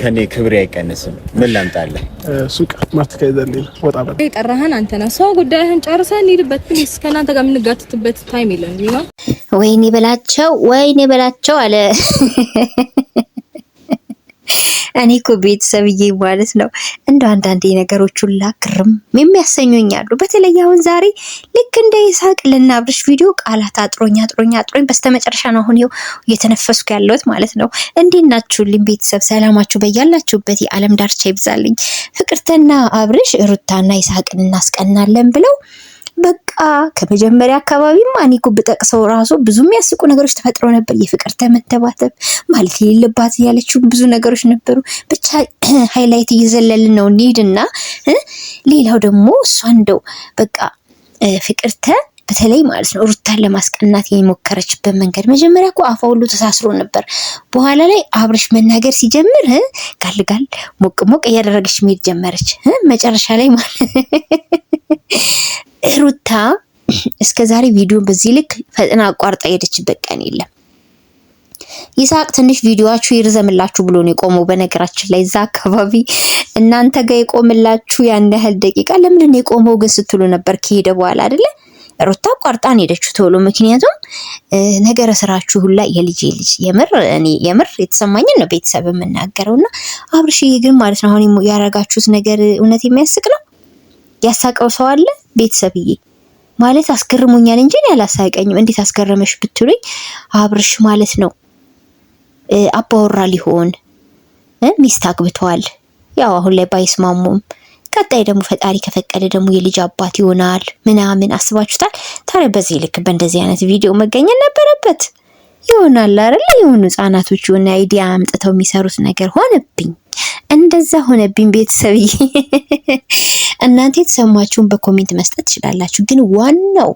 ከኔ ክብሬ አይቀንስም። ምን ላምጣለህ? ሱቅ ማስተካከል ወጣ በል ጠራህን አንተ ነህ። ሰው ጉዳይህን ጨርሰህ እንሂድበት ፕሊዝ። ከእናንተ ጋር የምንጋትትበት ታይም የለንም። ወይኔ በላቸው፣ ወይኔ በላቸው አለ እኔ እኮ ቤተሰብዬ ማለት ነው እንደ አንዳንዴ ነገሮች ሁላ ግርም የሚያሰኙኛሉ። በተለይ አሁን ዛሬ ልክ እንደ ይሳቅ ልናብርሽ ቪዲዮ ቃላት አጥሮኝ አጥሮኝ አጥሮኝ በስተመጨረሻ ነው አሁን ይኸው እየተነፈስኩ ያለሁት ማለት ነው። እንዴት ናችሁልኝ ቤተሰብ? ሰላማችሁ በያላችሁበት የዓለም ዳርቻ ይብዛልኝ። ፍቅርተና አብርሽ ሩታና ይሳቅን እናስቀናለን ብለው በቃ ከመጀመሪያ አካባቢ ማኒኩ ብጠቅሰው ራሱ ብዙ የሚያስቁ ነገሮች ተፈጥሮ ነበር። የፍቅር ተመተባተብ ማለት የሌለባት ያለችው ብዙ ነገሮች ነበሩ። ብቻ ሃይላይት እየዘለልን ነው እንሂድና ሌላው ደግሞ እሷ እንደው በቃ ፍቅርተ በተለይ ማለት ነው ሩታን ለማስቀናት የሞከረችበት መንገድ መጀመሪያ እኮ አፏ ሁሉ ተሳስሮ ነበር። በኋላ ላይ አብርሽ መናገር ሲጀምር ጋልጋል ሞቅ ሞቅ እያደረገች መሄድ ጀመረች። መጨረሻ ላይ ማለት ሩታ እስከዛሬ ቪዲዮን በዚህ ልክ ፈጥና አቋርጣ ሄደችበት ቀን የለም። ይሳቅ ትንሽ ቪዲዮአችሁ ይርዘምላችሁ ብሎ ነው የቆመው። በነገራችን ላይ እዛ አካባቢ እናንተ ጋር የቆምላችሁ ያን ያህል ደቂቃ ለምንድን ነው የቆመው ግን ስትሉ ነበር ከሄደ በኋላ አይደለም ሩታ ቋርጣን ሄደችው ቶሎ። ምክንያቱም ነገረ ስራችሁ ሁላ የልጅ ልጅ የምር እኔ የምር የተሰማኝን ነው ቤተሰብ የምናገረው እና አብርሽዬ ግን ማለት ነው አሁን ያረጋችሁት ነገር እውነት የሚያስቅ ነው። ያሳቀው ሰው አለ ቤተሰብዬ ማለት አስገርሞኛል እንጂ ያላሳቀኝም። እንዴት አስገረመሽ ብትሉኝ አብርሽ ማለት ነው አባወራ ሊሆን ሚስት አግብተዋል። ያው አሁን ላይ ባይስማሙም ቀጣይ ደግሞ ፈጣሪ ከፈቀደ ደግሞ የልጅ አባት ይሆናል ምናምን አስባችሁታል። ታዲያ በዚህ ልክ በእንደዚህ አይነት ቪዲዮ መገኘት ነበረበት ይሆናል አይደለ? የሆኑ ህጻናቶች የሆነ አይዲያ አምጥተው የሚሰሩት ነገር ሆነብኝ፣ እንደዛ ሆነብኝ። ቤተሰብዬ እናንተ የተሰማችሁን በኮሜንት መስጠት ትችላላችሁ። ግን ዋናው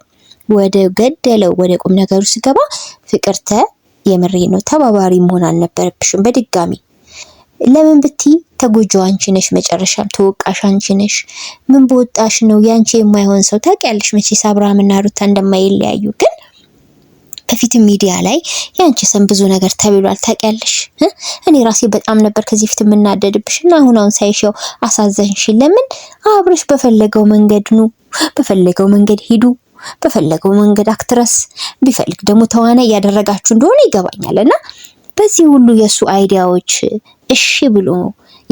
ወደ ገደለው ወደ ቁም ነገሩ ስገባ ፍቅርተ የምሬ ነው ተባባሪ መሆን አልነበረብሽም በድጋሚ ለምን ብቲ ተጎጂዋ አንቺ ነሽ፣ መጨረሻም ተወቃሽ አንቺ ነሽ። ምን በወጣሽ ነው ያንቺ የማይሆን ሰው ታውቂያለሽ። መቼስ አብርሃምና ሩታ እንደማይለያዩ ግን በፊት ሚዲያ ላይ ያንቺ ስም ብዙ ነገር ተብሏል፣ ታውቂያለሽ። እኔ ራሴ በጣም ነበር ከዚህ ፊት የምናደድብሽ እና አሁን አሁን ሳይሽው አሳዘንሽ። ለምን አብረሽ በፈለገው መንገድ ኑ፣ በፈለገው መንገድ ሂዱ፣ በፈለገው መንገድ አክትረስ ቢፈልግ ደግሞ ተዋናይ እያደረጋችሁ እንደሆነ ይገባኛል እና በዚህ ሁሉ የእሱ አይዲያዎች እሺ ብሎ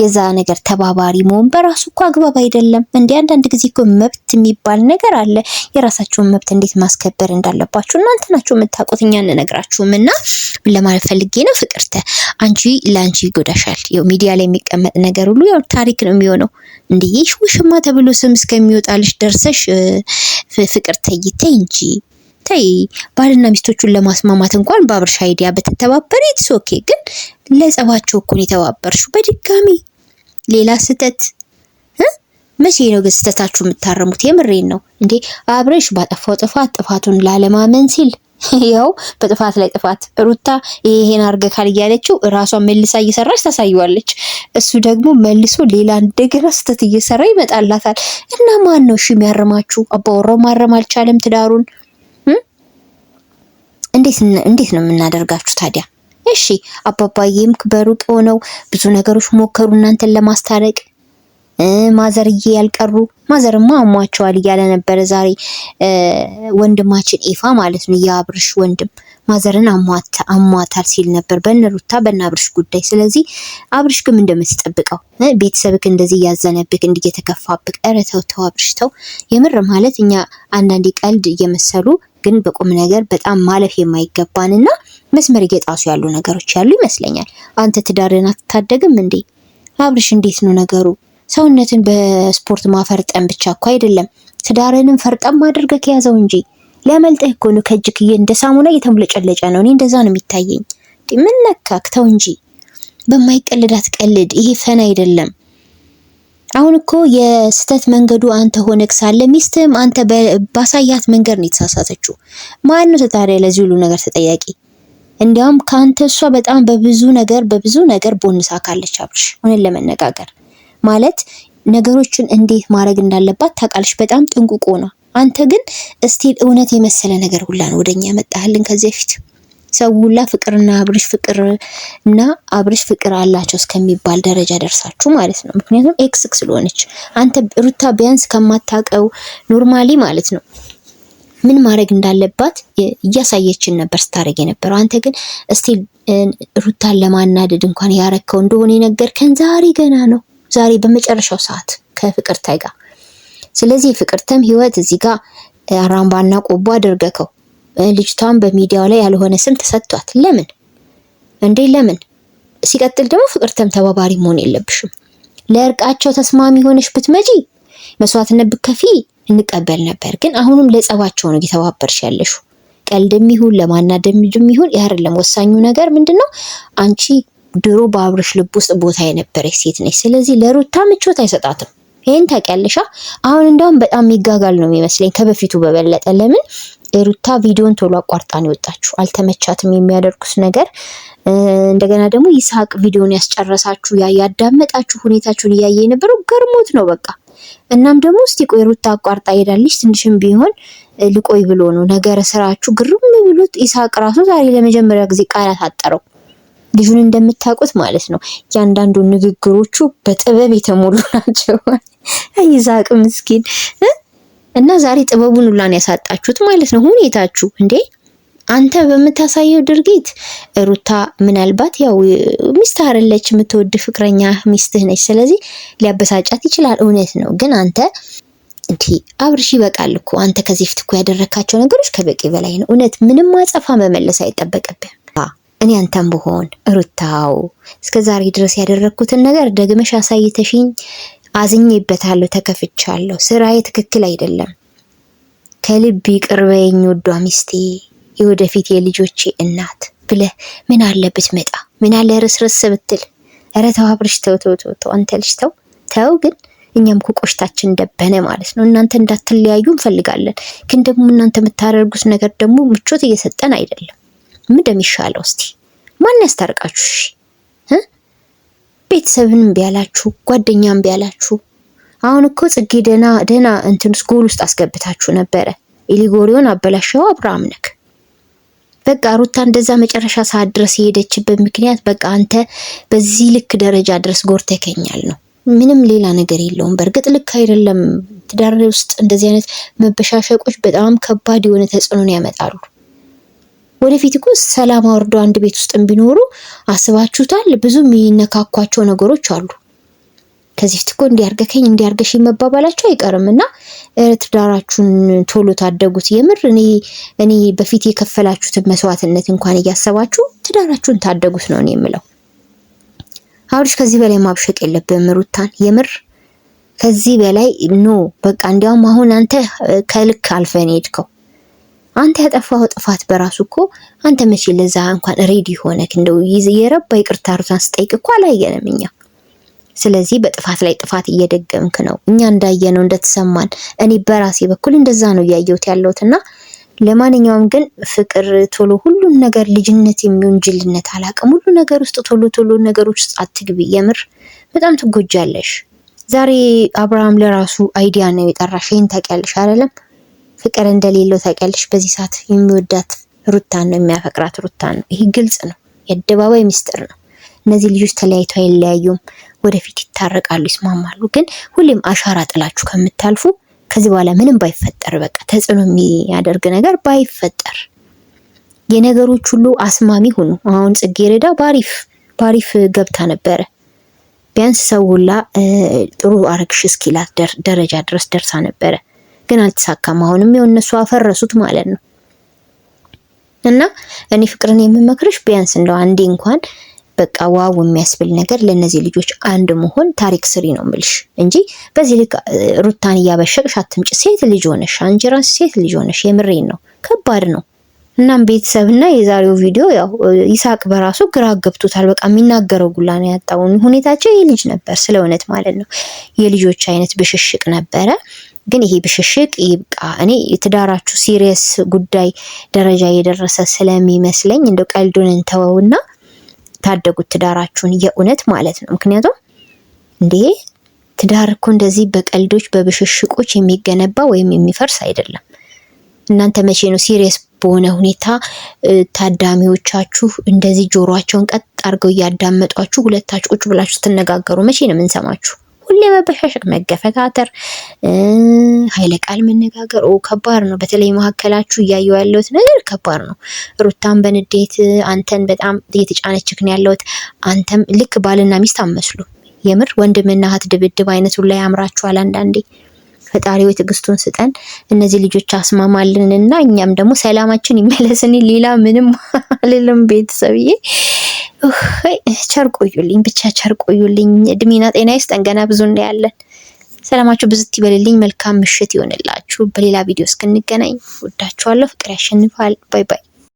የዛ ነገር ተባባሪ መሆን በራሱ እኮ አግባብ አይደለም። እንደ አንዳንድ ጊዜ እኮ መብት የሚባል ነገር አለ። የራሳችሁን መብት እንዴት ማስከበር እንዳለባችሁ እናንተ ናችሁ የምታውቁት፣ እኛ እንነግራችሁም። እና ለማለት ፈልጌ ነው ፍቅርተ፣ አንቺ ለአንቺ ይጎዳሻል። ያው ሚዲያ ላይ የሚቀመጥ ነገር ሁሉ ያው ታሪክ ነው የሚሆነው። እንደ ውሽማ ተብሎ ስም እስከሚወጣልሽ ደርሰሽ ፍቅርተ ይተይ እንጂ ተይ ባልና ሚስቶቹን ለማስማማት እንኳን በአብርሻ አይዲያ በተተባበረ ኢትስ ኦኬ። ግን ለጸባቸው እኮ ነው የተባበርሽው። በድጋሚ ሌላ ስህተት መቼ ነው ግን ስህተታችሁ የምታረሙት? የምሬን ነው እንዴ። አብርሽ ባጠፋው ጥፋት ጥፋቱን ላለማመን ሲል ያው በጥፋት ላይ ጥፋት ሩታ ይሄን ካል እያለችው እራሷን መልሳ እየሰራች ታሳየዋለች። እሱ ደግሞ መልሶ ሌላ እንደገና ስህተት እየሰራ ይመጣላታል። እና ማን ነው እሺ የሚያርማችሁ? አባወራው ማረም አልቻለም ትዳሩን እንዴት ነው የምናደርጋችሁ ታዲያ? እሺ አባባዬም በሩቅ ሆነው ብዙ ነገሮች ሞከሩ እናንተን ለማስታረቅ። ማዘርዬ ያልቀሩ ማዘርማ አሟቸዋል እያለ ነበረ ዛሬ ወንድማችን ኤፋ ማለት ነው የአብርሽ ወንድም ማዘርን አሟታል ሲል ነበር በነሩታ በነ ጉዳይ። ስለዚህ አብርሽ ግን እንደምትጠብቀው ቤተሰብክ እንደዚህ እያዘነብክ እንዲህ እየተከፋብክ ኧረ ተው ተው አብርሽ ተው። የምር ማለት እኛ አንዳንዴ ቀልድ እየመሰሉ ግን በቁም ነገር በጣም ማለፍ የማይገባን እና መስመር እየጣሱ ያሉ ነገሮች ያሉ ይመስለኛል። አንተ ትዳርን አትታደግም እንዴ? አብርሽ እንዴት ነው ነገሩ? ሰውነትን በስፖርት ማፈርጠን ብቻ እኮ አይደለም፣ ትዳርንም ፈርጠም አድርገህ ከያዘው እንጂ ሊያመልጥህ እኮ ነው። ከእጅክ እንደ ሳሙና እየተሙለጨለጨ ነው። እኔ እንደዛ ነው የሚታየኝ። ምን ነካክተው እንጂ በማይቀልዳት ቀልድ ይሄ ፈን አይደለም። አሁን እኮ የስህተት መንገዱ አንተ ሆነህ ሳለ ሚስትህም አንተ ባሳያት መንገድ ነው የተሳሳተችው። ማን ነው ታዲያ ለዚህ ሁሉ ነገር ተጠያቂ? እንዲያውም ከአንተ እሷ በጣም በብዙ ነገር በብዙ ነገር ቦንሳ ካለች አብርሽ፣ እውነት ለመነጋገር ማለት ነገሮችን እንዴት ማድረግ እንዳለባት ታውቃለች። በጣም ጥንቁቆ ነው። አንተ ግን እስቲል እውነት የመሰለ ነገር ሁላ ነው ወደኛ መጣህልን ከዚህ በፊት ሰው ሁላ ፍቅርና አብርሽ ፍቅር እና አብርሽ ፍቅር አላቸው እስከሚባል ደረጃ ደርሳችሁ ማለት ነው። ምክንያቱም ኤክስ ስለሆነች አንተ ሩታ ቢያንስ ከማታውቀው ኖርማሊ ማለት ነው ምን ማድረግ እንዳለባት እያሳየችን ነበር ስታደርግ የነበረው። አንተ ግን እስቲል ሩታን ለማናደድ እንኳን ያረከው እንደሆነ የነገርከን ዛሬ ገና ነው፣ ዛሬ በመጨረሻው ሰዓት ከፍቅርታይ ጋር። ስለዚህ ፍቅርተም ህይወት እዚህ ጋር አራምባና ቆቦ አድርገከው ልጅቷን በሚዲያው ላይ ያልሆነ ስም ተሰጥቷት ለምን እንዴ? ለምን? ሲቀጥል ደግሞ ፍቅርተም ተባባሪ መሆን የለብሽም። ለእርቃቸው ተስማሚ ሆነሽ ብትመጪ መስዋዕትነት ብከፊ እንቀበል ነበር። ግን አሁንም ለጸባቸው ነው እየተባበርሽ ያለሽው። ቀልድም ይሁን ለማናደም ይሁን ያርለም፣ ወሳኙ ነገር ነው አንቺ ድሮ በአብርሽ ልብ ውስጥ ቦታ የነበረች ሴት ነች። ስለዚህ ለሩታ ምቾት አይሰጣትም። ይህን ታውቂያለሽ። አሁን እንደውም በጣም የሚጋጋል ነው የሚመስለኝ ከበፊቱ በበለጠ ለምን ሩታ ቪዲዮን ቶሎ አቋርጣ ነው የወጣችሁ። አልተመቻትም የሚያደርጉት ነገር። እንደገና ደግሞ ይስሐቅ ቪዲዮን ያስጨረሳችሁ ያ ያዳመጣችሁ ሁኔታችሁን እያየ የነበረው ገርሞት ነው በቃ። እናም ደግሞ እስቲ ቆይ ሩታ አቋርጣ ሄዳለች ትንሽም ቢሆን ልቆይ ብሎ ነው ነገር ስራችሁ ግርም ብሎት ይስሐቅ ራሱ ዛሬ ለመጀመሪያ ጊዜ ቃላት አጠረው። ልጁን እንደምታውቁት ማለት ነው እያንዳንዱ ንግግሮቹ በጥበብ የተሞሉ ናቸው። ይስሐቅ ምስኪን እና ዛሬ ጥበቡን ሁላን ያሳጣችሁት ማለት ነው ሁኔታችሁ እንዴ አንተ በምታሳየው ድርጊት ሩታ ምናልባት ያው ሚስት አረለች የምትወድ ፍቅረኛ ሚስትህ ነች። ስለዚህ ሊያበሳጫት ይችላል፣ እውነት ነው። ግን አንተ እንዲ አብርሽ ይበቃል እኮ አንተ ከዚህ ፊት እኮ ያደረካቸው ነገሮች ከበቂ በላይ ነው። እውነት ምንም አጸፋ መመለስ አይጠበቅብህም። እኔ አንተም ብሆን ሩታው እስከ ዛሬ ድረስ ያደረግኩትን ነገር ደግመሽ አሳይተሽኝ አዝኜበታለሁ፣ ተከፍቻለሁ። ስራዬ ትክክል አይደለም። ከልብ ይቅር በይኝ ወዷ ሚስቴ፣ የወደፊት የልጆቼ እናት ብለህ ምን አለበት መጣ ምን አለ ርስርስ ብትል። ኧረ ተው አብርሽ ተው ተው ተው አንተ ልጅ ተው ተው። ግን እኛም እኮ ደበነ ማለት ነው። እናንተ እንዳትለያዩ እንፈልጋለን። ግን ደግሞ እናንተ የምታደርጉት ነገር ደግሞ ምቾት እየሰጠን አይደለም። ምን እንደሚሻለው እስቲ ማን ያስታርቃችሁ? ቤተሰብን እምቢ አላችሁ፣ ጓደኛ እምቢ አላችሁ። አሁን እኮ ጽጌ ደህና ደህና እንትን ስኩል ጎል ውስጥ አስገብታችሁ ነበረ። ኢሊጎሪዮን አበላሸው አብርሃም ነክ። በቃ ሩታ እንደዛ መጨረሻ ሰዓት ድረስ የሄደችበት ምክንያት በቃ አንተ በዚህ ልክ ደረጃ ድረስ ጎርተከኛል ነው፣ ምንም ሌላ ነገር የለውም። በእርግጥ ልክ አይደለም። ትዳር ውስጥ እንደዚህ አይነት መበሻሸቆች በጣም ከባድ የሆነ ተጽዕኖን ያመጣሉ። ወደፊት እኮ ሰላም አውርዶ አንድ ቤት ውስጥ ቢኖሩ አስባችሁታል? ብዙ የሚነካኳቸው ነገሮች አሉ። ከዚህ ፊት እኮ እንዲያርገከኝ እንዲያርገሽ መባባላቸው አይቀርም እና ትዳራችሁን ቶሎ ታደጉት። የምር እኔ እኔ በፊት የከፈላችሁትን መስዋዕትነት እንኳን እያሰባችሁ ትዳራችሁን ታደጉት ነው የምለው። አብርሽ ከዚህ በላይ ማብሸቅ የለብህም ሩታን የምር ከዚህ በላይ ኖ በቃ እንዲያውም አሁን አንተ ከልክ አልፈን ሄድከው። አንተ ያጠፋው ጥፋት በራሱ እኮ አንተ መቼ ለዛ እንኳን ሬዲ ሆነክ እንደው ይዝ የረባ ይቅርታ አርዛን ስጠይቅ እኮ አላየንም እኛ። ስለዚህ በጥፋት ላይ ጥፋት እየደገምክ ነው። እኛ እንዳየነው እንደተሰማን፣ እኔ በራሴ በኩል እንደዛ ነው እያየሁት ያለሁትና ለማንኛውም ግን ፍቅር ቶሎ ሁሉን ነገር ልጅነት የሚሆን ጅልነት አላውቅም። ሁሉ ነገር ውስጥ ቶሎ ቶሎ ነገሮች ውስጥ አትግቢ። የምር በጣም ትጎጃለሽ። ዛሬ አብርሃም ለራሱ አይዲያ ነው የጠራሽ። ይህን ታውቂያለሽ አይደለም? ፍቅር እንደሌለው ታውቂያለሽ። በዚህ ሰዓት የሚወዳት ሩታን ነው፣ የሚያፈቅራት ሩታን ነው። ይህ ግልጽ ነው፣ የአደባባይ ሚስጥር ነው። እነዚህ ልጆች ተለያይተው አይለያዩም፣ ወደፊት ይታረቃሉ፣ ይስማማሉ። ግን ሁሌም አሻራ ጥላችሁ ከምታልፉ ከዚህ በኋላ ምንም ባይፈጠር፣ በቃ ተጽዕኖ የሚያደርግ ነገር ባይፈጠር፣ የነገሮች ሁሉ አስማሚ ሁኑ። አሁን ጽጌረዳ ባሪፍ ባሪፍ ገብታ ነበረ ቢያንስ ሰውላ ጥሩ አረግሽ እስኪላት ደረጃ ድረስ ደርሳ ነበረ። ግን አልተሳካም። አሁንም ይኸው እነሱ አፈረሱት ማለት ነው። እና እኔ ፍቅርን የምመክርሽ ቢያንስ እንደው አንዴ እንኳን በቃ ዋው የሚያስብል ነገር ለእነዚህ ልጆች አንድ መሆን ታሪክ ስሪ ነው ምልሽ እንጂ በዚህ ልክ ሩታን እያበሸቅሽ አትምጭ። ሴት ልጅ ሆነሽ አንቺ ራስ ሴት ልጅ ሆነሽ የምሬን ነው፣ ከባድ ነው። እናም ቤተሰብና የዛሬው ቪዲዮ ያው ይሳቅ በራሱ ግራ ገብቶታል። በቃ የሚናገረው ጉላ ነው ያጣውን ሁኔታቸው ይህ ልጅ ነበር ስለ እውነት ማለት ነው የልጆች አይነት ብሽሽቅ ነበረ። ግን ይሄ ብሽሽቅ ይብቃ። እኔ የትዳራችሁ ሲሪየስ ጉዳይ ደረጃ የደረሰ ስለሚመስለኝ እንደው ቀልዱን እንተወውና ታደጉት ትዳራችሁን የእውነት ማለት ነው። ምክንያቱም እንዴ ትዳር እኮ እንደዚህ በቀልዶች በብሽሽቆች የሚገነባ ወይም የሚፈርስ አይደለም። እናንተ መቼ ነው ሲሪየስ በሆነ ሁኔታ ታዳሚዎቻችሁ እንደዚህ ጆሯቸውን ቀጥ አድርገው እያዳመጧችሁ ሁለታችሁ ቁጭ ብላችሁ ስትነጋገሩ መቼ ነው የምንሰማችሁ? ሁሌ መበሻሸቅ፣ መገፈታተር፣ ኃይለ ቃል መነጋገር ከባድ ነው። በተለይ መካከላችሁ እያየው ያለሁት ነገር ከባድ ነው። ሩታን በንዴት አንተን በጣም እየተጫነችክ ነው ያለሁት። አንተም ልክ ባልና ሚስት አመስሉ የምር ወንድምና እህት ድብድብ አይነቱ ላይ አምራችኋል አንዳንዴ። ፈጣሪው ትዕግስቱን ስጠን፣ እነዚህ ልጆች አስማማልን እና እኛም ደግሞ ሰላማችን ይመለስን። ሌላ ምንም አልልም። ቤተሰብዬ ቸር ቆዩልኝ፣ ብቻ ቸር ቆዩልኝ። እድሜና ጤና ይስጠን። ገና ብዙ እናያለን። ሰላማችሁ ብዝት ይበልልኝ። መልካም ምሽት ይሆንላችሁ። በሌላ ቪዲዮ እስክንገናኝ ወዳችኋለሁ። ፍቅር ያሸንፋል። ባይ ባይ።